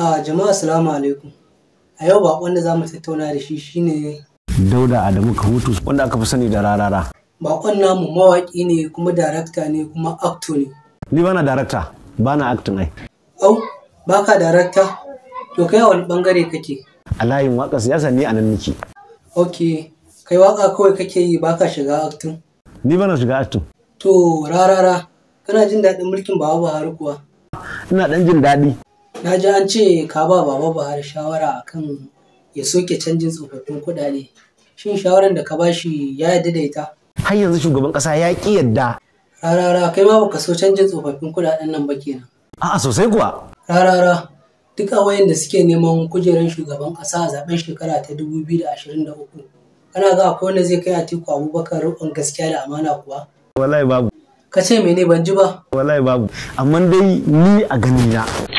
A jama'a salamu alaikum. A yau ba wanda za mu tattauna da shi shine Dauda Adamu Kahutu wanda aka fi sani da rarara. Baƙon namu mawaƙi ne kuma darakta ne kuma actor ne. Ni bana darakta, bana acting ai. Au, baka darakta? To kai wani bangare kake? A layin waƙa siyasa ne a nan nake. Ok, kai waƙa kawai kake yi baka shiga acting? Ni bana shiga acting. To rarara, kana jin daɗin mulkin Baba Buhari kuwa? Ina ɗan jin daɗi. na ji an ce ka ba baba buhari shawara akan ya soke canjin tsofaffin kuɗaɗe shin shawaran da ka ba shi ya yarda da ita har yanzu shugaban ƙasa ya ƙi yadda. rarara kai ma baka so canjin tsofaffin kuɗaɗen nan ba kenan a'a sosai kuwa rarara duka wayan da suke neman kujerar shugaban ƙasa a zaben shekara ta 2023 kana ga akwai wanda zai kai Atiku Abubakar rukun gaskiya da amana kuwa wallahi babu ka ce mene ban ji ba wallahi babu amma dai ni a ganina